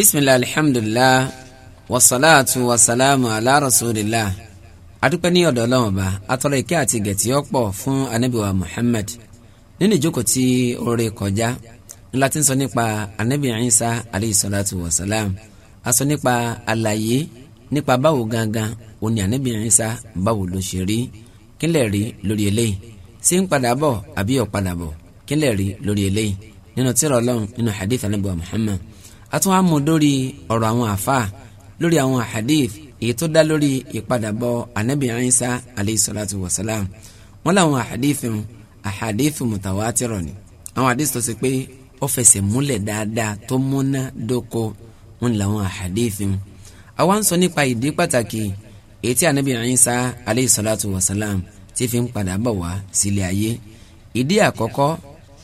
bisimilahi alhamdulilah wasalaatu wasalaamu ala rasulillah adúpẹ́ ní ọ̀dọ̀ ọlọ́run ọba atọ́lọ́ ìkẹ́ àti gẹ̀tì ọ̀pọ̀ fún anabiwa muhammad nínú ìjókòó tí oore kọjá ńlá tí ń sọ nípa anabi isa alayhi salatu wasalam a sọ nípa àlàyé nípa báwo gangan òní anabi isa báwo ló ṣe rí kí lè rí lórí eléyìí sí ń padà bọ̀ àbí ọ̀ padà bọ̀ kí rí lórí eléyìí nínú tírà ọlọ́run nínú hadith anabiwa muhammad atún á mú lórí ọ̀rọ̀ àwọn àfáà lórí àwọn hadith èyí tó dá lórí ìpadàbọ̀ anabi Isa alayhi salatu wa salam wọn làwọn hadith ń ahadith mutawatir ni àwọn hadith tó ṣe pé ó fẹsẹ̀ múlẹ̀ dáadáa tó múná dóko ń làwọn hadith ń àwa ń sọ nípa ìdí pàtàkì èyí tí anabi Isa alayhi salatu wa salam ti fi ń padà wá sílé ayé ìdí àkọ́kọ́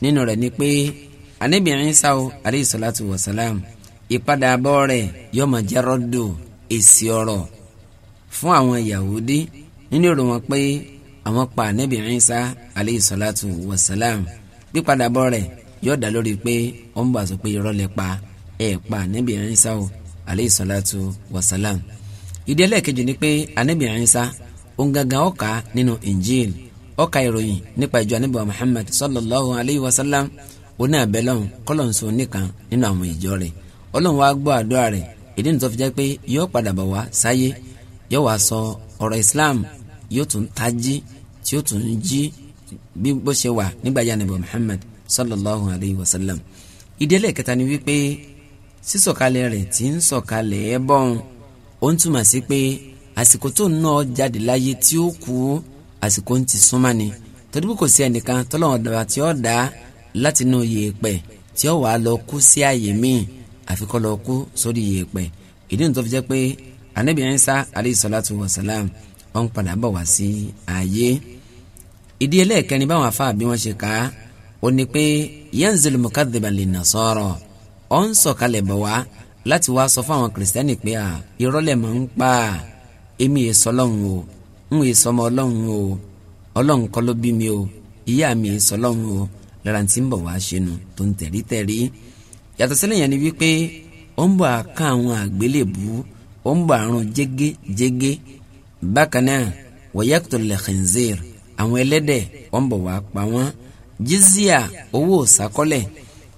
nínú rẹ̀ ni pé anabi Isa alayhi salatu wa ìpadàbọ̀ rẹ̀ yóò máa jẹ́ rọ́dù èsì ọ̀rọ̀ fún àwọn Yahudi nínú èrò wọn pé àwọn pa Ànábì Ìsá aleyhi salatu wa salam pípadàbọ̀ rẹ̀ yóò dá lórí pé ó ń bà sọ pé irọ́ lẹ pa ẹ̀ pa Ànábì Ìsá o aleyhi salatu wa salam ìdí ẹlẹ́ẹ̀kejì ni pé Ànábì Ìsá òun gangan ó nínú Injil ó ka ìròyìn nípa ìjọ Ànábì Muhammad sallallahu alayhi wa salam oní abẹ́lọ́hún kọ́lọ́nsó nìkan nínú àwọn ìjọ rẹ̀ ọlọ́run wa gbọ́ àdúrà rẹ̀ èdè nìtọ́ fi jẹ́ pé yóò padà bọ̀ wá sáyé yóò wá sọ ọ̀rọ̀ Islam yóò tún tají tí yóò tún jí bí bó ṣe wà nígbà yá nàbẹ̀ Muhammad sallallahu alayhi wa sallam ìdílé kẹta ni wípé sísọ̀kalẹ̀ rẹ̀ tí ń sọ̀kalẹ̀ ẹ̀ bọ́n ó ń túmọ̀ sí pé àsìkò tó náà jáde láyé tí ó kú àsìkò ń ti súnmọ́ ni tọ́dúbù kò sí ẹnìkan tọ́lọ́wọ́n dàbà tí ó dá látinú yèèpẹ̀ tí ó wàá lọ kú sí àyè míì àfikọ́ lọ kú sórí yèèpẹ̀ ìdí nìtọ́ fi jẹ́ pé anabi Isa alayhi salatu wa salam ó ń padà bọ̀ wá sí ayé ìdí ẹlẹ́ẹ̀kẹrin báwọn afá bí wọ́n ṣe kà á ó ní pé yanzilu mukadhiban lin nasara ó ń sọ̀kalẹ̀ bọ̀ wá láti wá sọ fáwọn kìrìsìtẹ́nì pé à ìrọ́lẹ̀ máa ń pa èmi yẹn sọ lọ́hùn o ń yẹn sọmọ ọlọ́hùn o ọlọ́hùn kọ́ ló bí mi o ìyá mi yẹn sọ lọ́hùn o lára tí ń bọ̀ wá ṣe tó ń tẹ̀rí tẹ̀rí yàtọ̀ sílẹ̀ ni wípé ó ń bọ̀ àká àwọn àgbélébù ó ń bọ̀ àrùn jégéjégé bákan náà wọ̀yàtọ̀ lẹ́kìnzẹ́r àwọn ẹlẹ́dẹ̀ ó ń bọ̀ wá pa wọ́n jizia owó òsàkọ́lẹ̀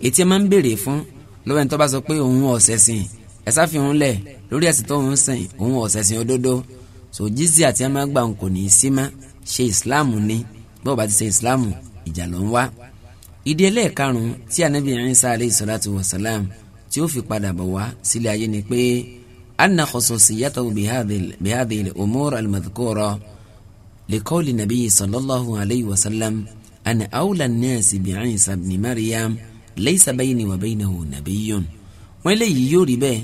etí ẹ máa ń béèrè fún lọ́wọ́ ẹni tó bá sọ pé òun ọ̀sẹ̀ sìn ẹ sáfihàn lẹ̀ lórí ẹ̀sìn tó ń sìn òun ọ̀sẹ̀ sìn òdodo so jizia tí ẹ máa gbà ń kò ní í sí ṣe ìsìláàmù ni bọ́ọ̀ bá ti ṣe ìsìláàmù ìjà ló ń wá ìdí ẹlẹ́ẹ̀karùn-ún tí anabi Isa aleyhi salatu wa salam tí ó fi padà bọ̀ wá sílé ayé ni pé anna khususiyatahu bihadil umur almadhkura likoli nabiyi sallallahu alayhi wa sallam ana awla nnaasi bi Isa ibn Maryam laysa bayni wa baynahu nabiyun wọn eléyìí yóò rí bẹ́ẹ̀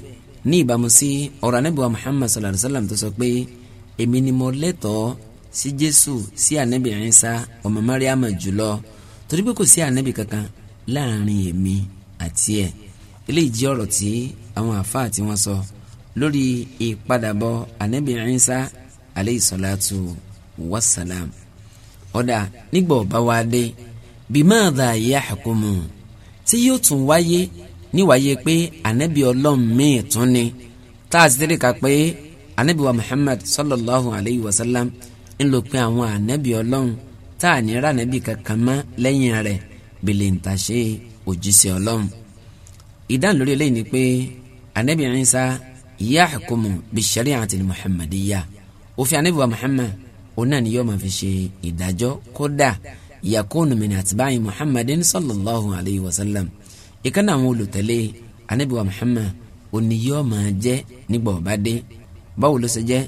ní ìbámu sí ọ̀rọ̀ anabi wa muhammad sallallahu alayhi wa sallam tó sọ pé èmi ni mo lẹ́tọ̀ọ́ sí jésù sí anabi Isa ọmọ mariam jùlọ torí pé kò sí ànábì kankan láàrin èmi àti ẹ̀ eléyìí jẹ́ ọ̀rọ̀ tí àwọn àfáà tí wọ́n sọ lórí ìpadàbọ̀ ànábì Ìsá aleyhi salatu wassalam ọ̀dà nígbà ọba wa dé bimaadha yahkumu tí yóò tún wáyé níwáyé pé ànábì ọlọ́run míì tún ni tá tẹ́lẹ̀ ká pé ànábì wa Muhammad sallallahu alayhi wa sallam ń lò pé àwọn ànábì ọlọ́run tá à ní rà nàbì kankan mọ́ lẹ́yìn rẹ̀ bèlè ń tàṣe òjíṣẹ́ ọlọ́run ìdáhùn lórí eléyìí ni pé anabi Isa yahkumu bi shari'ati muhammadiyya òfin anabi wa muhammad òun ni yóò máa fi ṣe ìdájọ́ kódà yakunu min atba'i muhammadin sallallahu alayhi wa sallam ìkànnì àwọn olùtẹ̀lé anabi wa muhammad òní yóò máa jẹ́ nígbà ọ̀bá dé báwo ló ṣe jẹ́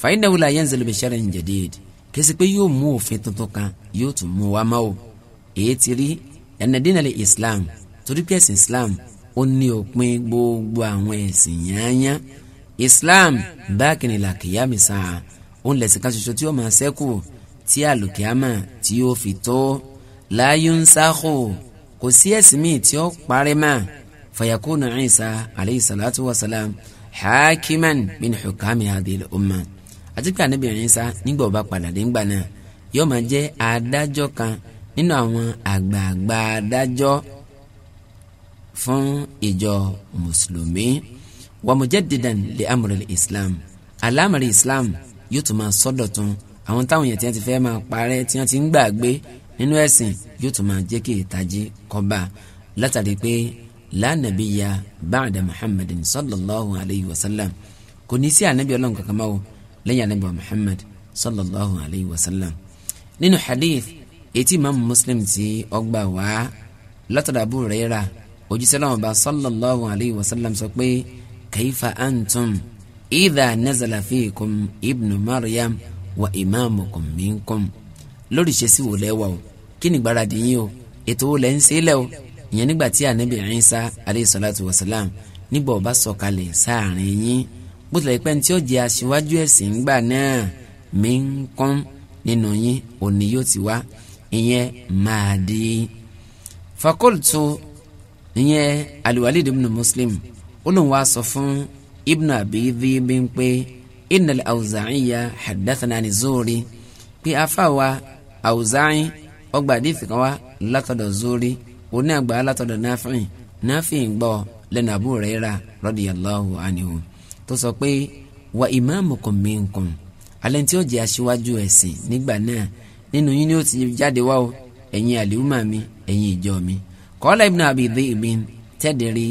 fa innahu la yanzilu bi shar'in jadid kesi pé yóò mú òfin tuntun kan yóò tún mú wa mọ́ o èyí ti rí ẹnẹ́dínlẹ̀ Islam torí pé ẹ̀sìn Islam ó ní òpin gbogbo àwọn ẹ̀sìn yányá Islam báàkìnrin làkìyàmì sáà òun lẹ̀sìn kan ṣoṣo tí ó máa ṣẹ́kù tí àlùkìyàmà tí ó fi tó láàyò ń sáàkó kò sí ẹ̀sìn míì tí ó parẹ́ mà fàyàkùnà Isa alayhi salatu wa salam hakiman min hukami hadhihi al-umma àti pé ànábì Ìsá nígbà ó bá padà dé ńgbà náà yóò máa jẹ́ adájọ́ kan nínú àwọn àgbààgbà adájọ́ fún ìjọ mùsùlùmí wa mujaddidan li amri islam alámọ̀rẹ́ islam yóò tún máa sọ́dọ̀ tún àwọn táwọn èèyàn tí wọ́n ti fẹ́ máa parẹ́ tí wọ́n ti ń gbàgbé nínú ẹ̀sìn yóò tún máa jẹ́ kí ìtají kọba látàrí pé la nabiyya ba'da muhammadin sallallahu alayhi wa sallam kò ní sí ànábì ọlọ́run kankan máa wò lẹ́yìn anabi muhammad sallallahu alayhi wa sallam nínú hadith etí imaamu muslim ti ọgbà wá látọ̀dọ̀ Abu Huraira òjíṣẹ́ náà bá sallallahu alayhi wa sallam sọ pé kaifa antum idha nazala fiikum ibnu maryam wa imaamukum minkum lórí ìṣesí wò lẹ́wà o kí ni gbáradì yín o ètò wò lẹ́ ń ṣe lẹ́ ìyẹn nígbà tí anabi Isa alayhi salatu wa salam nígbà ó sọ̀kalẹ̀ sáàrin yín bó tilẹ̀ pẹ́ tí ó jẹ́ aṣíwájú ẹ̀sìn ńgbà náà mí ń kán nínú yín òní yóò ti wá ìyẹn máa di. fakultu ìyẹn aliwalid ibn muslim ó lóun wá sọ fún ibn abidhi bí ń pé innal awza'iya haddathana ni zori pé afáwa awza'i ọgbà àdìsí kan wá látọ̀dọ̀ zori oní àgbà látọ̀dọ̀ náfìn náfìn gbọ́ lẹ́nu àbúrò rẹ̀ rà radiyallahu anhu tó sọ pé wa imamukum minkum alẹ́ tí ó jẹ́ aṣíwájú ẹ̀sìn nígbà náà nínú yín ni ó ti jáde wá o ẹ̀yin àlìhùmà mi ẹ̀yin ìjọ mi kọ́lá ibn Abi Dhi'bin tẹ́dẹ̀rì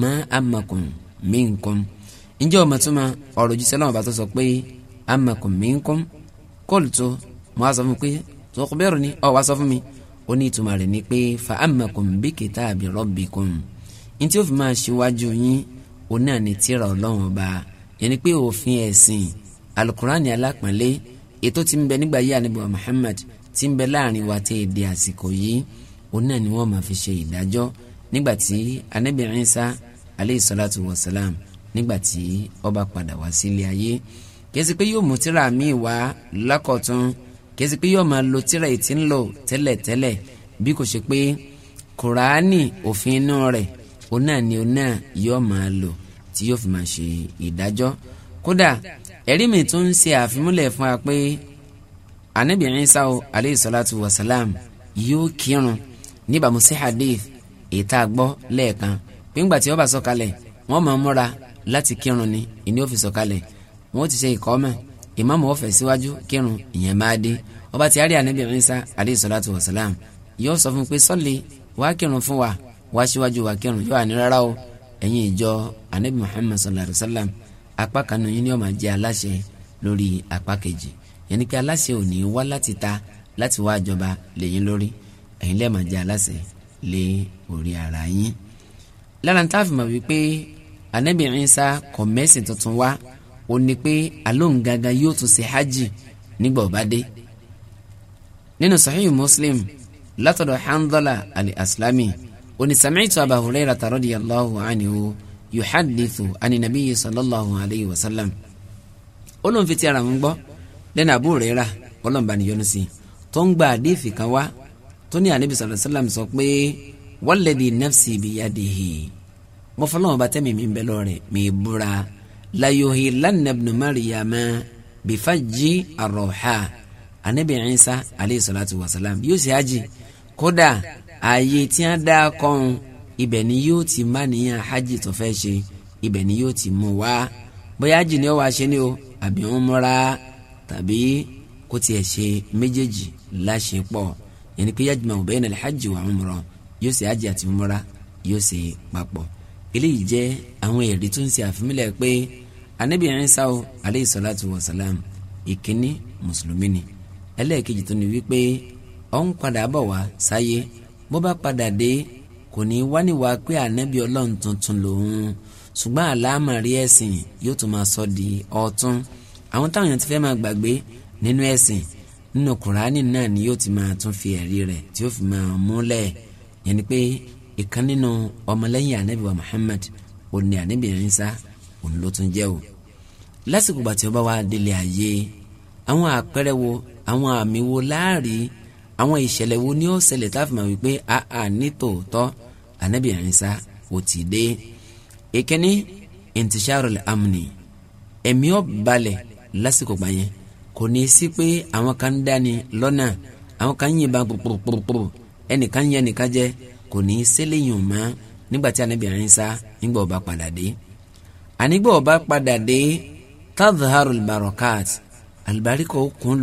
ma amakum minkum ǹjẹ́ o mọ̀túnmá ọ̀rọ̀ ojúṣe lọ́wọ́ bá tó sọ pé amakum minkum qultu mo á sọ fún mi pé tukhbiru ni ọ̀ wá sọ fún mi ó ní ìtumọ̀ rẹ̀ ni pé fa amakum bi kitabi rabbikum ǹtí ó fi máa ṣíwájú yín òun náà ni tírà ọlọ́run ọba yẹn pé òfin ẹ̀sìn alukurani alápọ̀nlé ètò tí ń bẹ nígbà yíyá níbi wa Muhammad tí ń bẹ láàrin wa tẹ́ èdè àsìkò yìí òun náà ni wọ́n máa fi ṣe ìdájọ́ nígbà tí Ànábì Ìsá aleyhi salatu wa salam nígbà tí ó bá padà wá sílé ayé kìí ṣe pé yóò mú tírà míì wá lákọ̀tún kìí ṣe pé yóò máa lo tírà ètí ń lò tẹ́lẹ̀tẹ́lẹ̀ bí kò ṣe pé kùránì òfin inú rẹ̀ òun náà ni òun náà yóò máa lò tí yóò fi máa ṣe ìdájọ́ kódà ẹ̀rí mi tún ń ṣe àfimúlẹ̀ fún wa pé Ànábì Ìsá aleyhi salatu wa salam yóò kírun níbàámu sí hadith ìta gbọ́ lẹ́ẹ̀kan gbígbà tí ó bá sọ̀kalẹ̀ wọ́n máa múra láti kírun ni ìní ó fi sọ̀kalẹ̀ wọ́n ti ṣe ìkọ́mọ̀ ìmáàmù ó fẹ̀ síwájú kírun ìyẹn máa dé ó ti àrí Ànábì Ìsá aleyhi salatu wa salam yóò sọ fún pé sọ́ọ̀lì wàá kírun fún wa wàá síwájú wàá kírun yóò àní rárá o ẹ̀yin ìjọ anabi muhammad sallallahu alayhi wa sallam apá kanu yín ni ó máa jẹ́ aláṣẹ lórí apá kejì yẹn ni pé aláṣẹ ò ní wá láti ta láti wá àjọba lẹ́yìn lórí ẹ̀yin lẹ́ẹ̀ máa jẹ́ aláṣẹ lé orí ara yín. lára ń táàfin mọ̀ wípé anabi Isa kò mẹ́sìn tuntun wá ó ní pé alóhùn gangan yóò tún ṣe hajj nígbà ó dé. nínú sahih muslim látọ̀dọ̀ handala al-aslami oni sami'tu Aba Hurairata radiyallahu anhu yuhadithu ani nabiyyi sallallahu alayhi wa sallam olóhùn fi ti ara ń gbọ́ lẹ́nu Abu Hurairah ọlọ́mùbá ni yọnu sí i tó ń gba àdéhìí kan wá tó ní ànábì sallallahu alayhi wa sallam sọ pé walladhi nafsi biyadihi mo fọlọ́wọ́n bá tẹ́mi mi ń bẹ lọ́rẹ̀ mi búra la yuhilanna ibnu Maryama bifajji arroha ànábì alayhi salatu wa salam yóò ṣe àjì kódà ààyè tí wọ́n dá kọ́hún ibẹ̀ ni yóò ti má níyàn hajj tó fẹ́ ṣe ibẹ̀ ni yóò ti mú wá bóyá hajj ni ó wá ṣe ni o àbí umra tàbí kó tiẹ̀ ṣe méjèèjì láṣepọ̀ yẹn ni pé yajma'u bayna al-hajj wa umra yóò ṣe hajj àti umra yóò ṣe papọ̀ eléyìí jẹ́ àwọn ẹ̀rí tó ń ṣe àfimílẹ̀ pé anabi Isa o salatu wa salam ìkíní mùsùlùmí ni ẹlẹ́ẹ̀kejì tó ní wípé ó ń padà bọ̀ wá sáyé bó bá padà dé kò ní wáníwá pé ànábì ọlọ́run tuntun lòun ṣùgbọ́n àlámà rí ẹ̀sìn yóò tún máa sọ di ọ̀tún àwọn táwọn èèyàn ti fẹ́ máa gbàgbé nínú ẹ̀sìn nínú kùránì náà ni yóò ti máa tún fi ẹ̀rí rẹ̀ tí ó fi máa múlẹ̀ yẹn ni pé ìkan nínú ọmọlẹ́yìn ànábì wa Muhammad òun ni ànábì Ìsá òun ló tún jẹ́ o lásìkò gbà tí ó délé ayé àwọn àpẹẹrẹ wo àwọn àmì wo láàrí àwọn ìṣẹ̀lẹ̀ wo ni ó ṣẹlẹ̀ tá a fi mọ̀ wípé àà ah, ah, nítòótọ́ ànábì Ìsá ò tí ì dé ìkíní intisharul amni ẹ̀mí ó balẹ̀ lásìkò gbà yẹn kò ní í sí pé àwọn kan ń dáni lọ́nà àwọn kan ń yìnbọn pòpòpòpò ẹnìkan yẹn nìkan jẹ kò ní í sẹ́lẹ̀yìn mọ́ nígbà tí ànábì Ìsá nígbà ó padà dé ànígbà ó padà dé tadharul barakat àlùbáríkọ̀ ó kún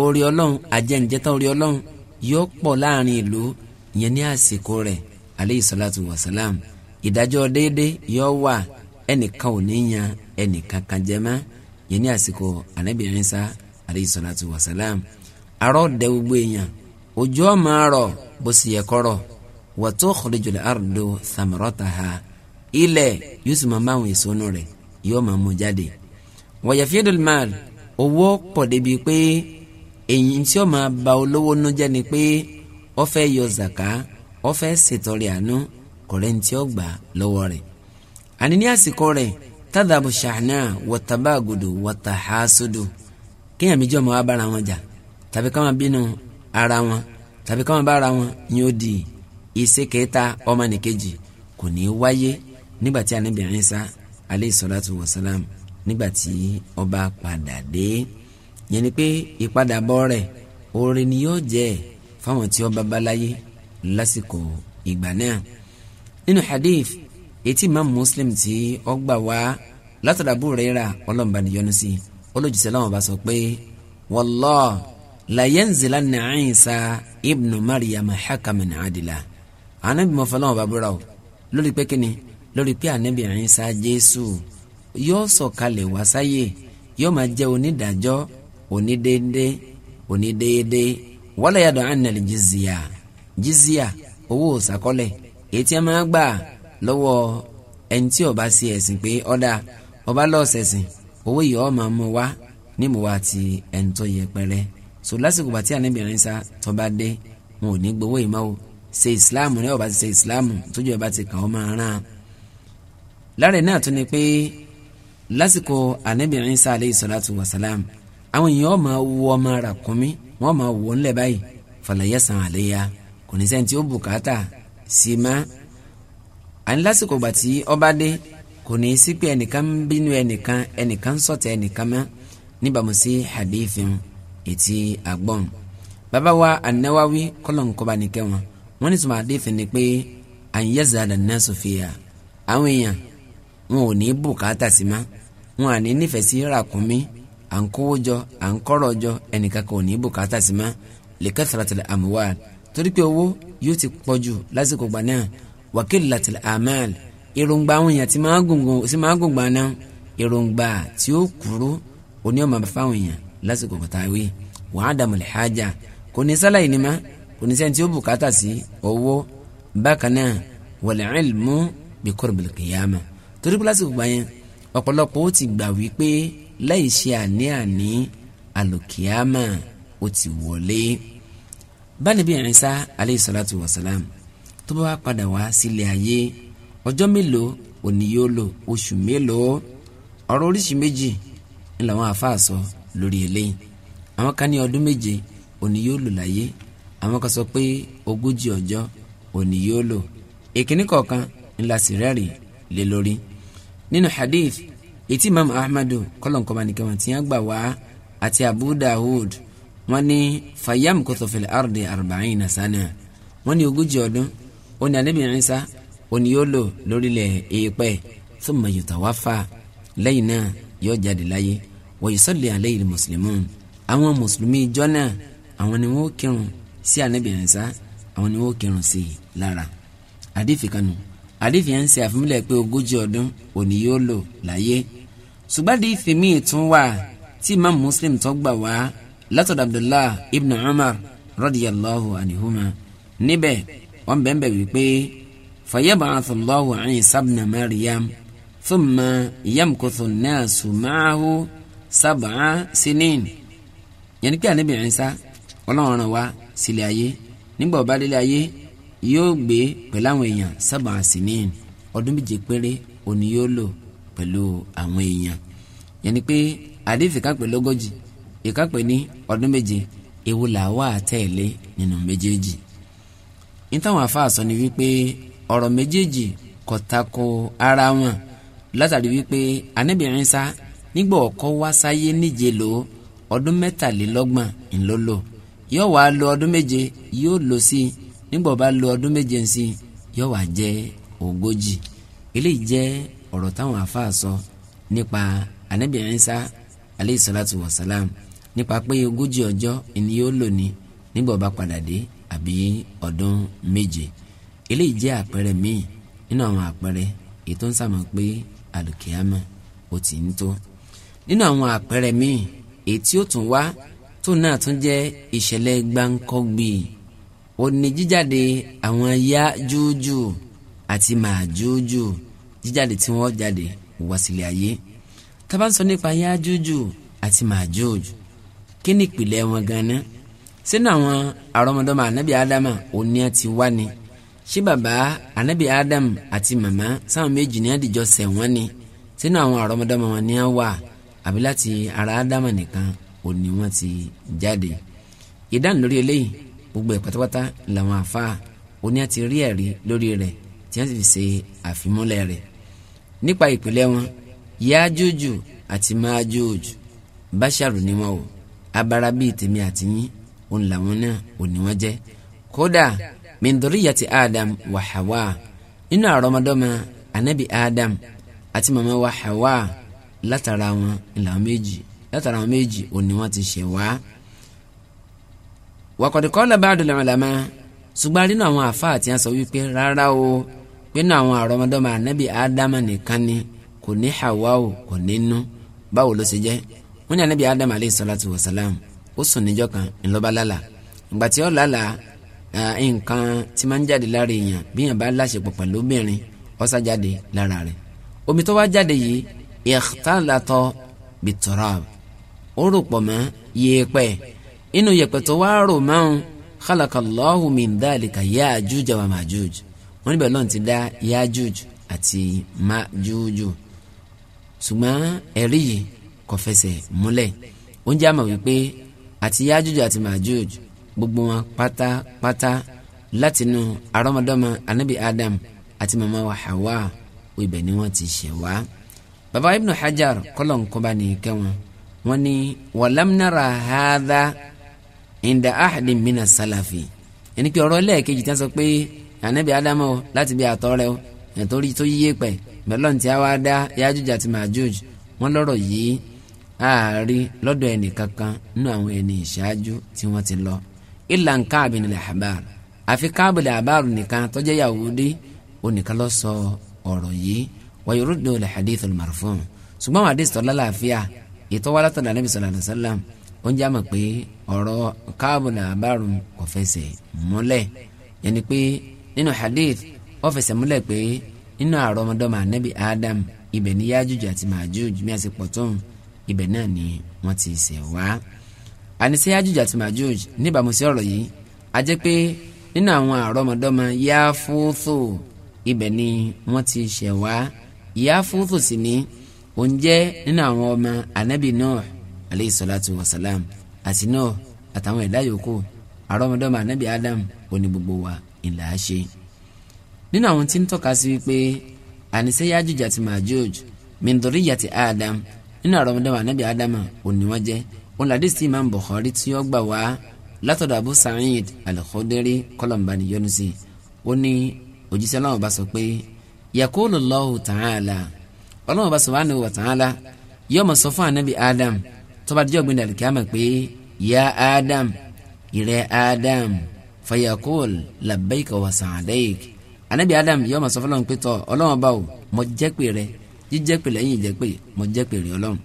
orí ọlọ́run àjẹǹjẹtàn orí ọlọ́run yóò pọ̀ láàrin ìlú ìyẹn ní àsìkò rẹ̀ aleyhi salatu wa salam ìdájọ́ déédé yóò wà ẹnìkan ò ní yan ẹnìkan kan jẹ mọ́ ìyẹn ní àsìkò anabi Isa aleyhi salatu wa salam arọ́ dẹ gbogbo èèyàn òjò máa rọ̀ bó sì yẹ kọ́rọ̀ wa tukhrijul ardu thamarataha ilẹ̀ yóò sì máa bá àwọn èso nù rẹ̀ yóò máa mú jáde wa yafidul owó pọ̀ débi pé èyí tí ó máa ba olówó nú jẹ́ ni pé ó fẹ́ yọ zàká ó fẹ́ ṣètọrẹ àánú kọ̀rẹ́ ní tí ó gbà lọ́wọ́ rẹ̀ àní ní àsìkò rẹ̀ tádàbù ṣàánà wọ̀tàbàgùdù wọ̀tàhásùdù kéèyàn méjì ọmọ wa bára wọn jà tàbí káwọn bínú ara wọn tàbí káwọn bára wọn ni ó di ìṣe kẹta ọmọnìkejì kò ní í wáyé nígbà tí Ànábì Ìsá alayhi salatu wa salam nígbà tí ó bá padà dé yẹn ni pé ìpadàbọ̀ rẹ̀ oore ni yóò jẹ́ fáwọn tí ó bá lásìkò ìgbà náà nínú hadith etí imam muslim tí ó gbà wá látàdàbù rẹ́ra ọlọ́mùbá níyọnu sí olójúṣẹ́ láwọn bá sọ pé wallah la yanzilanna ibnu Maryam hakaman adila anabi mọ̀fọ́ láwọn bá búra o lórí pé kíni lórí pé anabi Isa Jésù yóò sọ̀kalẹ̀ wá sáyé yóò máa jẹ́ onídàájọ́ onídéédé onídéédé wala yàdọ̀ ànàlì jizya jizya owó sàkọ́lẹ̀ ètí ẹ máa gbà lọ́wọ́ ẹni tí ó bá sí ẹ̀sìn pé ọ̀dà ó bá lọ́ọ̀sẹ̀sìn owó yìí ó máa mú wá ní mo wá ti ẹni tó yẹ pẹrẹ so lásìkò bàtí ànábìrin sá tó bá dé wọn ò ní gbowó ìmọ̀ o ṣe ìsìláàmù ní ó ti ṣe ìsìláàmù tójú ẹ̀ bá ti kàn ọ́ máa rán lára ẹ̀ náà tún ni pé lásìkò ànábìrin sá aleyhi salatu wa salam àwọn èèyàn máa wọ ọmọ ràkúnmí wọ́n máa wọ ńlẹ̀ báyìí fàlàyé san àléyà kò ní sẹ́ni tí ó bùkátà sí má àní lásìkò gbà tí ọba dé kò ní sí pé ẹnìkan bínú ẹnìkan ẹnìkan ń ẹnìkan mọ́ níbàámu sí hadithin ètí àgbọ̀n bàbá wa anáwáwí kọ́lọ̀ ńkọ́ba nìkẹ́ wọn wọ́n ní sùnmọ́ hadithin ni pé àyẹ̀zà àdàná sọ̀fìyà àwọn èèyàn wọn ò ní bùkátà sí má wọn à ní nífẹ̀ẹ́ sí ràkúnmí à ń kówó jọ à ń kọ́rọ̀ jọ ẹnìkan kò ní bùkátà sí mọ́ lè kẹ́sàràtìlẹ̀ àmúwá torí pé owó yóò ti pọ̀ jù lásìkò gbà náà wákìlì làtìlẹ̀ àmàl èròǹgbà àwọn èèyàn tí máa gùngùn sí máa gùngbà náà èròǹgbà tí ó kúrú oní ọmọ bàbá àwọn èèyàn lásìkò kò táwé wàá dàmú hájà kò ní sálàyé ni má kò ní sẹ́ni tí ó bùkátà sí owó bákan náà wọ̀lẹ̀ láì ṣe àní-àní alùkìyàmà ó ti wọlé. báni bí Ìsá alayhi salatu wa salam tó bá wá padà wá sílé ayé ọjọ́ mélòó òní yóò lò oṣù mélòó ọ̀rọ̀ oríṣi méjì ni làwọn àáfàá sọ lórí eléyìí àwọn kan ní ọdún méje òní yóò lò láyé àwọn kan sọ pé ogójì ọjọ́ òní yóò lò èkíní kọ̀ọ̀kan ńlá sì rẹ́rìn lé lórí nínú hadith etí imam ahmadu kọlọ̀nkọ́ba nìkan wọn ti yàn gbà wá àti abu dawud wọn ní fayam kọtọfẹlẹ arde arba'in nasana wọn ní ogójì ọdún ó ní anabi Isa ó ní yóò lò lórílẹ̀ èèpẹ̀ thumma yutawaffa lẹ́yìn náà yóò jáde láyé wa yusalli alayhi muslimun àwọn mùsùlùmí ìjọ náà àwọn ni wọ́n kírun sí anabi Isa àwọn ni wọ́n kírun sí lára àdìfẹ́ kanu àdìfì yẹn ń ṣe àfimúlẹ̀ pé ogójì ọdún òní yóò lò láyé ṣùgbọ́n àdìfì míì tún wà tí imam muslim tó gbà wá látọ̀dọ̀ abdullah ibn umar radiyallahu anihuma níbẹ̀ wọ́n bẹ̀ẹ̀ wípé fayab'athu Allahu Isa ibn Maryam thumma yamkuthu an-nasu ma'ahu sabaa sinin yẹn ní pé ànábì Isa ọlọ́run wa sílẹ̀ ayé nígbà ó bá ayé yóò gbé pẹ̀lú àwọn èèyàn sábà sinin ọdún méje péré òní yóò lò pẹ̀lú àwọn èèyàn yẹn ni pé àdéhìí kápẹ́ lógójì ìkápẹ́ ní ọdún méje ewu làwa àtẹ̀lé nínú méjèèjì nítawọn àfáà ni wípé ọ̀rọ̀ méjèèjì kò tako ara wọn látàrí wípé Ànábì Ìsá nígbà ọkọ wá sáyé níje lò ọdún mẹ́tàlélọ́gbọ̀n ńlọ́lọ́ yóò wá lo ọdún méje yóò lò sí i nígbà ó bá lo ọdún méje sí yóò wá jẹ́ ogójì eléyìí jẹ́ ọ̀rọ̀ táwọn àfáà sọ nípa anabi Isa aleyhi salatu wa salam nípa pé ogójì ọjọ́ ni yóò lò ní nígbà ó bá padà dé àbí ọdún méje eléyìí jẹ́ àpẹẹrẹ míì nínú àwọn àpẹẹrẹ ètò ń sàmọ̀ pé alùkìyàmà ó ti ń tó nínú àwọn àpẹẹrẹ míì èyí ó tún wá tó náà tún jẹ́ ìṣẹ̀lẹ̀ gbáǹkọ́gbì òní jíjáde àwọn ya júújù àti màá júújù jíjáde tí wọ́n jáde wá sílẹ̀ ayé tá nípa ya júújù àti màá júújù kí ni ìpìlẹ̀ wọn gan-an sínú àwọn àrọ́mọdọ́mọ ànábì ádámà òní àti wá ni ṣé bàbá ànábì ádám àti màmá sáwọn méjì ní àdìjọ ṣẹ̀wọ̀n ni sínú àwọn àrọ́mọdọ́mọ wọn ni á wà àbí láti ara ádámà nìkan òní wọn ti jáde ìdáhùn eléyìí gbogbo ẹ̀ pátápátá làwọn àfáà oní àti rí ẹ̀rí lórí rẹ̀ tí wọ́n sì fi ṣe àfimúlẹ̀ rẹ̀ nípa ìpìlẹ̀ wọn yájújù àti májújù báṣàrù ni wọn o abara bíi tèmi àti yín òun làwọn náà ò ní wọn jẹ kódà mindoriya ti adam wà hawa nínú àrọmọdọ́mọ anabi adam àti mama wà hawa látara wọn làwọn méjì látara wọn méjì òun ni wọn ti ṣẹ̀ wá wàkọ̀dì kọ́lá báàdùn lọ́mọlẹ́mọ́ ṣùgbọ́n nínú àwọn àfáà tí a sọ wípé rárá o pé nínú àwọn àrọ́mọdọ́mọ ànábì ádámà nìkan ni kò ní Hawa o kò ní nú báwo ló ṣe jẹ́ wọ́n ní ànábì ádámà alayhi salatu wa salam ó sùn níjọ́ kan ńlọ́ba lálà ìgbà tí ó lálà nǹkan tí máa ń jáde lára èèyàn bí èèyàn bá láṣepọ̀ pẹ̀lú obìnrin ó jáde lára rẹ̀ omi tó wá jáde yìí ikhtalata biturab ó rò pọ̀ mọ́ yẹ̀pẹ̀ inú yẹ̀pẹ̀ tó wá rò máa ń khalakallahu min dhalika Ya'juj wa Ma'juj wọ́n níbẹ̀ lọ́n ti dá Ya'juj àti Ma'juj ṣùgbọ́n ẹ̀rí yìí kò fẹsẹ̀ múlẹ̀ oúnjẹ àmọ̀ wípé àti Ya'juj àti Ma'juj gbogbo wọn pátápátá látinú arọ́mọdọ́mọ anabi Adam àti mama wa Hawa ibẹ̀ ni wọ́n ti ṣẹ̀ wá. baba Ibn Hajar kọ́lọ̀ ń kọ́ bá wọ́n ní walam nara inda ahadi mina salafi ẹni pé ọ̀rọ̀ lẹ́ẹ̀kejì tán sọ pé ànábì ádámọ̀ láti bí àtọ̀ rẹ̀ ẹ̀tọ́rí tó yíyé pẹ̀ mẹ́lọ́n tí a wá dá Yájúj àti Májúj wọ́n lọ́rọ̀ yìí ààrí lọ́dọ̀ ẹnì kankan nínú àwọn ẹni ìṣáájú tí wọ́n ti lọ. ìlà káàbì nílẹ̀ àbáàrù àfi káàbì nílẹ̀ nìkan tó jẹ́ Yahudi onìkan ló sọ ọ̀rọ̀ yìí wa yuruddu al-hadith al-marfu' ṣùgbọ́n àwọn hadith tó lálàáfíà ètò wa látọ̀dọ̀ Ànábì sallallahu ó ń jámọ̀ pé ọ̀rọ̀ káàbùlà àbárùn kò fẹsẹ̀ múlẹ̀ yẹn ni pé nínú hadith ó fẹsẹ̀ múlẹ̀ pé nínú àrọ́mọdọ́mọ ànábì Adam ibẹ̀ ni Yájújù àti Màjújù bí a ṣe pọ̀ tóun ibẹ̀ náà ni wọ́n ti ṣẹ̀ wá. àníṣe Yájújù àti Màjújù níbàámu sí ọ̀rọ̀ yìí a jẹ́ pé nínú àwọn àrọ́mọdọ́mọ Yáfútù ibẹ̀ ni wọ́n ti ṣẹ̀ wá Yáfútù sì ni òun jẹ́ nínú àwọn ọmọ ànábì Nuh aleyhi salatu wa salam àti náà àtàwọn ẹ̀dá yòókù àrọ́mọdọ́mọ anábì adam òní gbogbo wa ìlà á ṣe. nínú àwọn tí ń tọ́ka sí wípé ànisẹ́ yájúj àti màjúj mindori yàtì adam nínú àrọ́mọdọ́mọ anábì adam òní wọ́n jẹ́ òun làdí sí imam bukhari tí ó gbà wá látọ̀dọ̀ abu sa'id al-khudri kọlọ̀mbani yọnusi ó ní ọlọ́run bá sọ pé yakulu Allahu ta'ala ọlọ́run bá subhanahu wa ta'ala yóò máa sọ fún anábì tọ́ba díjọ́ gbin dàlùkì àmọ̀ pé ya Adam ìrẹ́ Adam fayakol labbaika wa sa'adaik anabi Adam yóò máa sọ fọlọ́n pé tọ́ ọlọ́wọ́n bá o mo jẹ́ pé rẹ jíjẹ́ pé lẹ́yìn ìjẹ́ pé mo jẹ́ pé rẹ ọlọ́run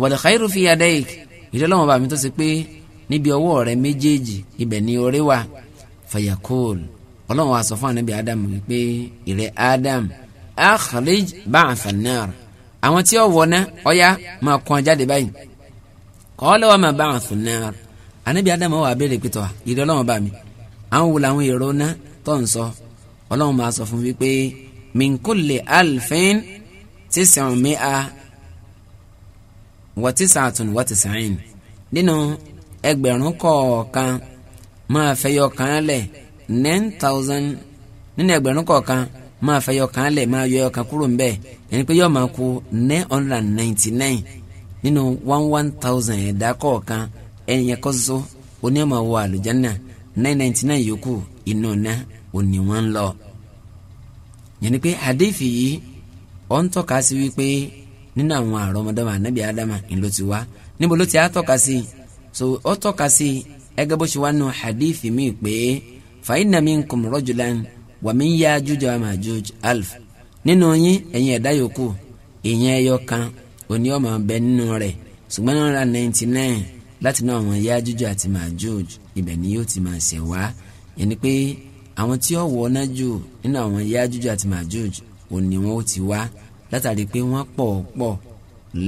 wal khairu fi yadaik ìdọ́lọ́wọ́n bá mi tó ṣe pé níbi ọwọ́ rẹ méjèèjì ibẹ̀ ni orí wà fayakol ọlọ́run wa sọ fún anabi Adam wípé ìrẹ́ Adam akhrij ba'than nar àwọn tí ó wọ̀ ná ọ kọ́ọ́lẹ́ wa máa bá àwọn fún náà anabi adamu wà abẹ́rẹ́ pẹ̀tọ́ ìrẹ́ ọlọ́run bá mi àwọn wò làwọn èrò ná tó ń sọ ọlọ́run máa sọ fún mi pé min kulli alfin tis'un mi'a wa tis'atun wa tis'in nínú ẹgbẹ̀rún kọ̀ọ̀kan máa fẹ́yọ kan lẹ̀ nine thousand nínú ẹgbẹ̀rún kọ̀ọ̀kan máa kan lẹ̀ máa yọ kúrò nínú one one thousand ẹ̀dá kọ̀ọ̀kan ẹ̀yẹn kọ́ so oní ọmọ wọ àlùjáná nine ninety nine yòókù inú ná òní wọn lọ. yẹn ni pé àdéhìfì yìí ó ń tọ́ka sí wípé nínú àwọn àrọ́mọdọ́mọ ànábì ádámà ńlọ ti wá níbo ló ti á tọ́ka sí so ó tọ́ka sí ẹgẹ́ bó ṣe wá nù àdéhìfì mi pé fàyínà minkum rajulan wa min Yajuj wa Majuj alf nínú yín ẹ̀yin ẹ̀dá yòókù ìyẹn òní ọmọ bẹ nínú rẹ̀ ṣùgbọ́n náírà ninety nine láti náà àwọn Yájújù àti Májújù ibẹ̀ ni yóò ti máa ṣẹ̀ wá yẹn ni pé àwọn tí ó wọ ọ́nà jù nínú àwọn Yájújù àti Májújù òní wọn ó ti wá látàrí pé wọ́n pọ̀ pọ̀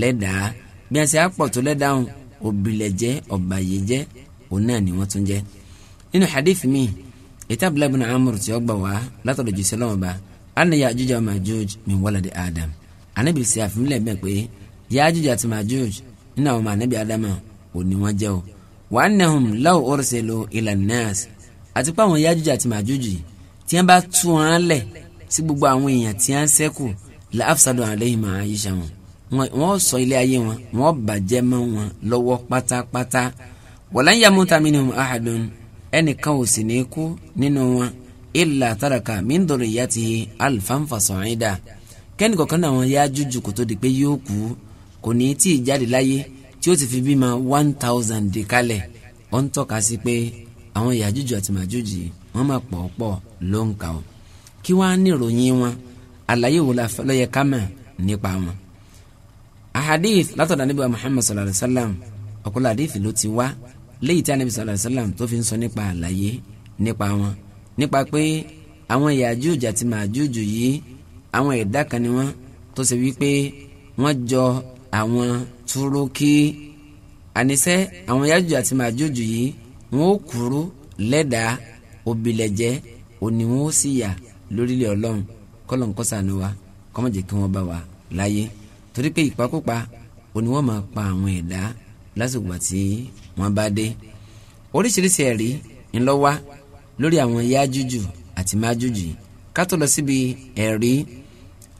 lẹ́dàá bí wọ́n ṣe á pọ̀ tó lẹ́dàáhùn òbílẹ̀ jẹ́ òun náà ni wọ́n tún jẹ́ nínú hadith mi ètò Abdullahi bin Amr tí ó gbà wá látọ̀dọ̀ jù sílọ́mọba anna Yájújù àti Májújù min waladi Adam Ànábì ṣe àfimúlẹ̀ bẹ́ẹ̀ Yájúj àti Májúj nínú àwọn ọmọ ànábì Ádámà ò ní wọ́n jẹ́ o wa annahum law ursilu ila nnas àti pé àwọn Yájúj àti Májúj tí wọ́n bá tú wọn lẹ̀ sí gbogbo àwọn èèyàn tí wọ́n ṣẹ́kù la afsadu alayhim ma'ishahum wọ́n sọ ilé ayé wọn wọ́n bàjẹ́ mọ́ wọn lọ́wọ́ pátápátá walan yamuta minhum ahadun ẹnìkan ò sì ní kú nínú wọn illa taraka min dhurriyyatihi alfan fasa'ida kẹ́nìkọ̀kan náà wọn Yájúj kò tó di pé yóò kú kò ní tí ì jáde láyé tí ó ti fi bímọ one thousand di kalẹ̀ ó ń tọ́ka sí pé àwọn Yàjújù àti Màjújù wọ́n máa pọ̀ pọ̀ ló ń kà ó kí wọ́n á ní ìròyìn wọn àlàyé wo ló yẹ nípa wọn. ahadith látọ̀dọ̀ Ànábì wa Muhammad sallallahu alayhi wa sallam ọ̀kọ́lá hadith ló ti wá léyìí tí Ànábì sallallahu alayhi wa sallam tó fi ń sọ nípa àlàyé nípa wọn nípa pé àwọn Yàjújù àti Màjújù yìí àwọn ẹ̀dá kan ni wọ́n tó ṣe wípé wọ́n jọ àwọn túrúkì àníṣe àwọn yájú àti màjújù yìí wọn ó kúrú lẹ́dàá òbílẹ̀jẹ́ òní wọn ó sì yà lórílẹ̀ ọlọ́run kọ́lọ̀ ń kọ́sàánú wa kọ́mọ̀ jẹ́ kí wọ́n bá wa láyé torí pé ìpakúpa òní wọ́n máa pa àwọn ẹ̀dá lásìkò àti wọ́n bá dé oríṣiríṣi ẹ̀rí ńlọ́wá lórí àwọn yájújù àti májújù kátó lọ síbi ẹ̀rí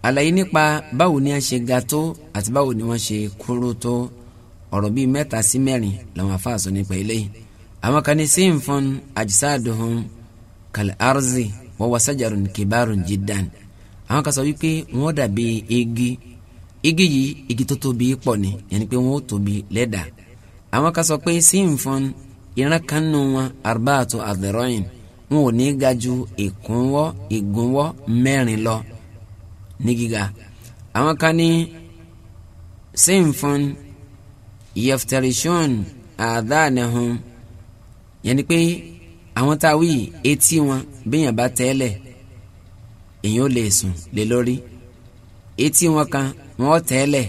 àlàyé nípa báwo ni a ṣe ga tó àti báwo ni wọ́n ṣe kúrú tó ọ̀rọ̀ bíi mẹ́ta sí mẹ́rin làwọn afáàsọ nípa eléyìí àwọn kan ní sinfun ajsaduhum kal arzi wa huwa sajarun kibarun jiddan àwọn kan sọ wípé wọ́n dàbí igi igi yìí igi tó tóbi pọ̀ ni yẹn ni pé wọ́n ó tóbi lẹ́dà àwọn kan sọ pé sinfun ìran kan nù wọn arbaatu adhiroin wọn ò ní ga ìkúnwọ́ ìgúnwọ́ mẹ́rin lọ ní gíga àwọn kan ní sínfọn yeftarishon àdánahun yẹn ni pé àwọn tá a wí etí wọn bíyàn bá tẹ́lẹ̀ èyàn ò lè sùn lé lórí etí wọn kan wọn ò tẹ́lẹ̀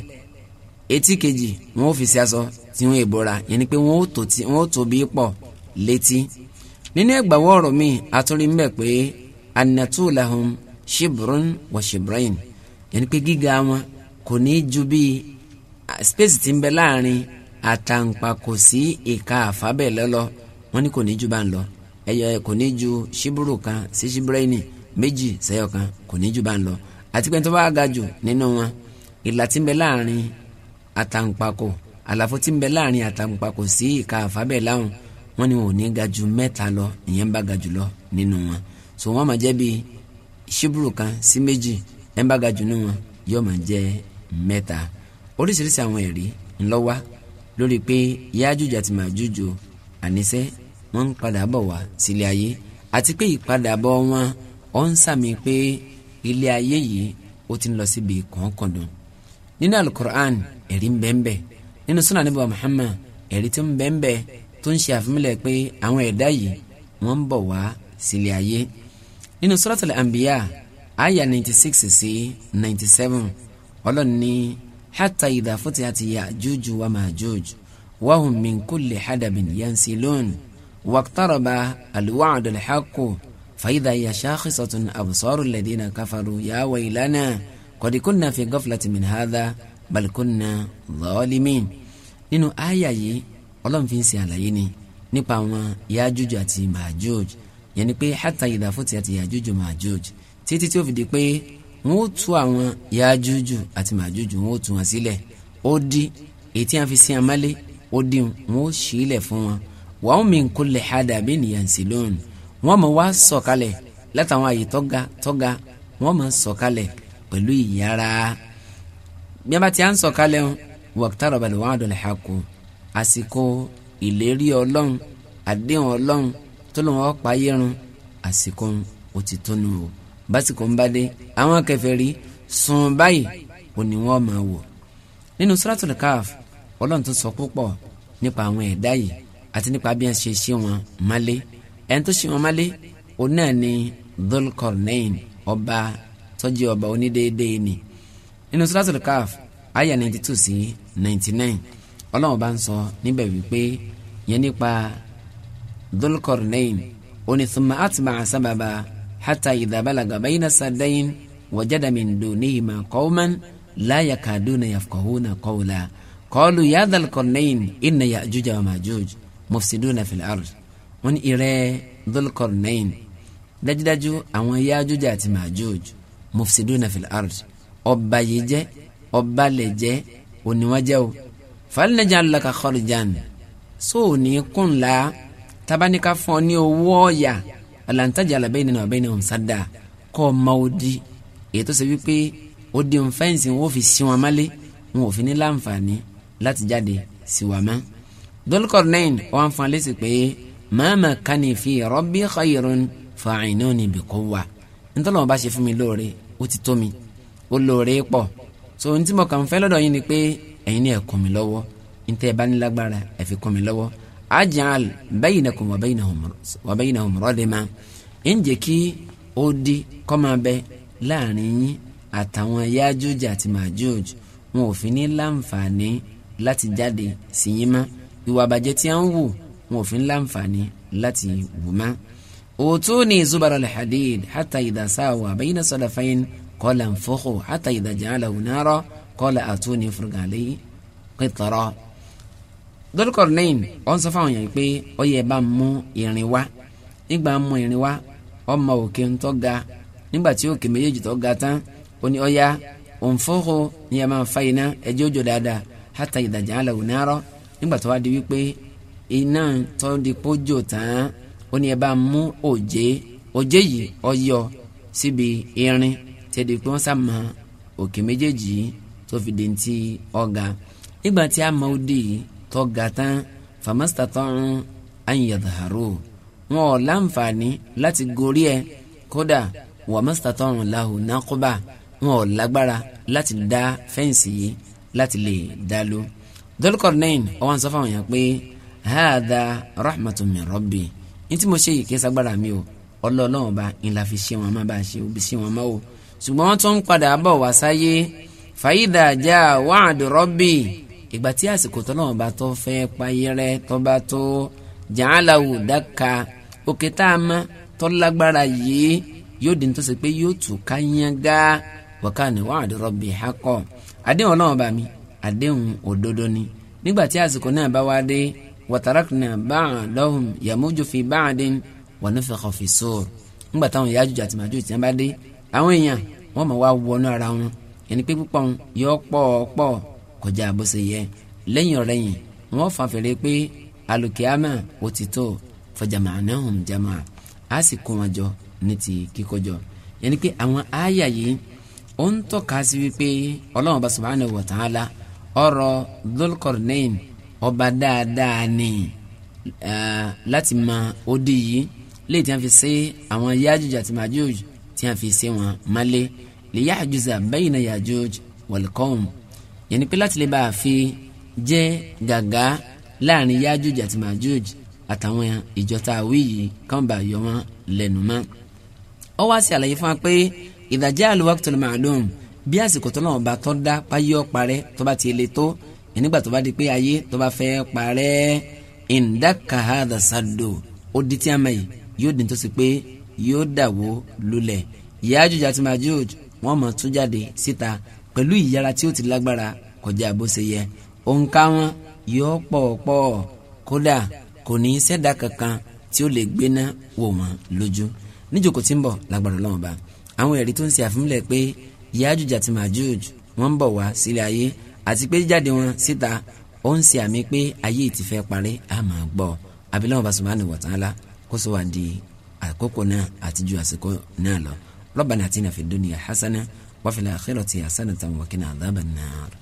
etí kejì wọn ò fi sí aṣọ tí wọn ìbora yẹn pé wọn ò tóbi pọ̀ létí nínú ẹgbàwọ́ ọ̀rọ̀ mi àtúrí mbẹ́ pé anatulahun Shibrun wa Shibrain, yẹn pé gíga wọn kò ní í ju bíi space tí ń bẹ láàrin àtàǹpàkò sí ìka àfábẹ́ lọ́lọ́ wọn ní kò ní í ju bá ń lọ ẹyọ kò ní í ju ṣibro kan sí ṣibraini méjì sẹ́yọ kan kò ní í ju bá ń lọ àti pé tó bá ga jù nínú wọn ìlà tí ń bẹ láàrin àtàǹpàkò àlàfo tí ń bẹ láàrin àtàǹpàkò sí ìka àfábẹ́ láwọn wọn ni wọn ò ní ga ju mẹ́ta lọ ìyẹn bá ga jù lọ nínú wọn so wọn máa jẹ́ bíi ṣíbùrù kan sí méjì ẹ̀ ń bá ga jù nínú wọn yóò máa jẹ́ mẹ́ta oríṣiríṣi àwọn ẹ̀rí ńlọ́wá lórí pé Yájújù àti Májújù àníṣe wọ́n ń padà bọ̀ wá sílé ayé àti pé ìpadàbọ̀ wọn ọ̀ ń sàmì pé ilé ayé yìí ó ti ń lọ síbi kọ̀ọ̀kọ̀dùn nínú alukur'an ẹ̀rí ń bẹ́ẹ̀nbẹ́ nínú sunan níbo Muhammad ẹ̀rí tó ń bẹ́ẹ̀nbẹ́ tó ń ṣe àfimílẹ̀ pé àwọn ẹ̀dá yìí wọ́n ń bọ̀ wá sílé ayé nínú suratul anbiya àyà ninety six sí ninety seven ọlọ́run ní hatta idha futihati ya'juj wa ma'juj wa hum min kulli hadabin yansilun waqtaraba alwa'dul haqqu fa idha hiya shakhisatun absarul ladina kafaru ya waylana qad kunna fi ghaflatin min hadha bal kunna zalimin nínú àyà yìí ọlọ́run fi ń ṣe àlàyé ni nípa àwọn Yájújù àti Májújù yẹn ni pé hátà ìdàfọ́tì àti yàjújù màjújù títí tí ó fi di pé wọn ó tú àwọn yàjújù àti màjújù wọn ó tú wọn sílẹ̀ ó di ètí àfi sí amálé ó di wọn ó sílẹ̀ fún wọn wàá min kulli hadabi nìyàn sí lónìí wọn mọ wá sọ̀kalẹ̀ látàwọn àyè tọ́ga tọ́ga wọn mọ sọ̀kalẹ̀ pẹ̀lú ìyára bí a bá ti à ń sọ̀kalẹ̀ waqtaraba al wa'dul àdéhùn ọlọ́run tó lọ́wọ́ payé run àsìkò ó ti tó nù o básìkò ń bá dé àwọn kèfèrí sùn báyìí ò ní wọ́n máa wò nínú Suratul Kahf ọlọ́run tó sọ púpọ̀ nípa àwọn ẹ̀dá yìí àti nípa bí wọ́n ṣe ṣe wọn málé ẹni tó ṣe wọn málé òun náà ni Dhul-Qarnayn ọba tó ọba onídéédéé ni nínú Suratul Kahf àyà ninety two sí ninety nine ọlọ́run bá ń sọ níbẹ̀ wípé yẹn nípa dulkornain oni thumma atbaca sababa hata idha balaga bayna sadain wajada min dunihima qawman la yakaduna yafqahuna qawla qalu ya dhalkornain inna ya'juja wa ma'juj mufsiduna fil ard wọn ìrẹ dulkornain dájúdájú àwọn yájújà àti màjúj mufsiduna fil ard ọba yìí jẹ ọba lè jẹ òníwájẹ o fàlìnàjà lọkà kọrìjàn sóò ní kùnlá. So, tabanika fún ọ ní owó ọ̀yà ọ̀làǹtajà àlàbẹ́yìn nínú ọ̀bẹ́yìn nínú sádà kọ́ ọ ma ó di èyí tó ṣe wípé ó di òun fẹ́ǹsì wọn ò fi sí wọn málé wọn ò fi ní láǹfààní láti jáde sí wa mọ́. dọ́lùkọ̀ nẹ́ẹ̀n wọn fún alẹ́ sí pé màmá kani fi rabbi khayrun fa'inuni bi quwwa nítorí wọn bá ṣe fún mi lóore ó ti tó mi ó lóore pọ̀ so ohun mo kàn fẹ́ lọ́dọ̀ yín ni pé ẹ̀yin ni ẹ kún mi lọ́wọ́ ní tẹ́ bá ní lágbára ẹ fi kún mi lọ́wọ́ ajal bayinakum wa bayinahum rọ́ọ̀dẹ́mà ń jẹ́ kí ó di kọ́ máa bẹ láàrin yín àtàwọn yájújì àti màjújì wọn ò fi ní láǹfààní láti jáde sí yín mọ́ ìwà àbàjẹ́ tí a ń wù wọn ò fi ní láǹfààní láti wù mọ́. أوتوني زبر الحديد حتى إذا ساوى بين صدفين قال انفخوا حتى إذا جعله نارا قال آتوني افرغ عليه قطرا Dhul-Qarnayn ó ń sọ fáwọn èèyàn pé ó yẹ bá mú irin wá nígbà mú irin wá ọmọ òkè ń tó ga nígbà tí òkè méjèèjì tó ga tán ó ní ọ̀yá òǹfóhó ni ẹ máa fa iná ẹjẹ́ òjò dáadáa hátà ìdàjà aláwọ̀ náírọ̀ nígbà tó wá di wípé iná tó di pójò tán ó ní mú òjé òjé yìí ọyọ síbi irin tẹ́ pé wọ́n sá òkè méjèèjì tó fi dèntì ọ̀gá nígbà tí a mọ òde yìí tó ga tán famastata'u an yadhharu wọn ò láǹfààní láti gorí ẹ kódà wamastata'u lahu naqba wọn ò lágbára láti dá fẹ́ǹsì yìí láti lè dá ló. Dhul Qarnayn ọwọ́n sọ fáwọn yẹn pé haada rahmatun min rabbi ní tí mo ṣe yìí kéésà gbára mi o ọlọ́ọ̀lọ́wọ́n ọba ńlá fi ṣe wọn má bá a ṣe òbí ṣe wọn má o ṣùgbọ́n wọ́n tún ń padà bọ̀ wá sáyé fàyídà já wa'du rabbi ìgbà tí àsìkò tó náà bá tó fẹ́ payẹrẹ tó bá tó jàǹláwò dáka òkè tá a mọ tó lágbára yìí yóò di nítorí pé yóò tù ká yángá wọ́ká ni wọ́n àdúrà bíi akọ. àdéhùn náà bá mi àdéhùn òdodo ni nígbà tí àsìkò náà bá wá dé wàtàràkìnà báà lọ́hùn yàmójú fi báà dín wọn ní fẹ́kọ̀ fi sóòr. nígbà táwọn Yájúj àti Májúj tí wọ́n bá dé àwọn èèyàn wọ́n máa wá wọnú ara wọn ẹni pé púpọ̀ yọ pọ̀ pọ̀ kọjá bó ṣe yẹ lẹ́yìn ọ̀rẹ́yìn wọ́n fà fèrè pé alùkìámà ó ti tó fọjàmà anáhùn jama á sì kó wọn jọ ní ti kíkọjọ yẹn ni pé àwọn àyà yìí ó ń tọ́ka sí wípé ọlọ́run bá subhanahu wa ta'ala ọ̀rọ̀ Dhul-Qarnayn ọba dáadáa ni láti mọ odi yìí léyìí tí wọ́n fi ṣe àwọn Yájúj àti Májúj tí wọ́n fi ṣe wọn mọ́lé li ya'juza bayna Yájúj wal qawm yẹn ni pé láti lè bá a fi jẹ́ gàgá láàrin yájúj àti màjúj àtàwọn ìjọta àwí yìí kàn bá yọ wọn lẹ́nu mọ́. ó wá sí àlàyé fún wa pé ìdàjẹ́ al-waqtul ma'lum bí àsìkò tó náà bá tọ́ da páyé ọ̀parẹ́ tó bá ti le tó nígbà tó bá di pé ayé tó bá fẹ́ parẹ́ indaka ó di tí a mọ̀ yìí yóò di tó sì pé yóò dàwó lulẹ̀ yájúj àti màjúj wọ́n mọ̀ tún jáde síta pẹ̀lú ìyára tí ó ti lágbára kọjá bó ṣe yẹ òǹkà wọn yóò pọ̀pọ̀ kódà kò ní í ṣẹ̀dá kankan tí ó lè gbéná wò wọ́n lójú níjòkó tí ń bọ̀ lágbára Ọlọ́run bá àwọn ẹ̀rí tó ń ṣe àfimúlẹ̀ pé Yájùj àti Májùj wọ́n ń bọ̀ wá sílẹ̀ ayé àti pé jíjáde wọn síta ó ń ṣe àmì pé ayé ti fẹ́ parí a gbọ́ abiláwọn bá Subhanahu wa Ta'ala kó sọ wá di àkókò náà àti àsìkò náà lọ Rabbana atina fid dunya hasana وفي الآخرة حسنة وقنا عذاب النار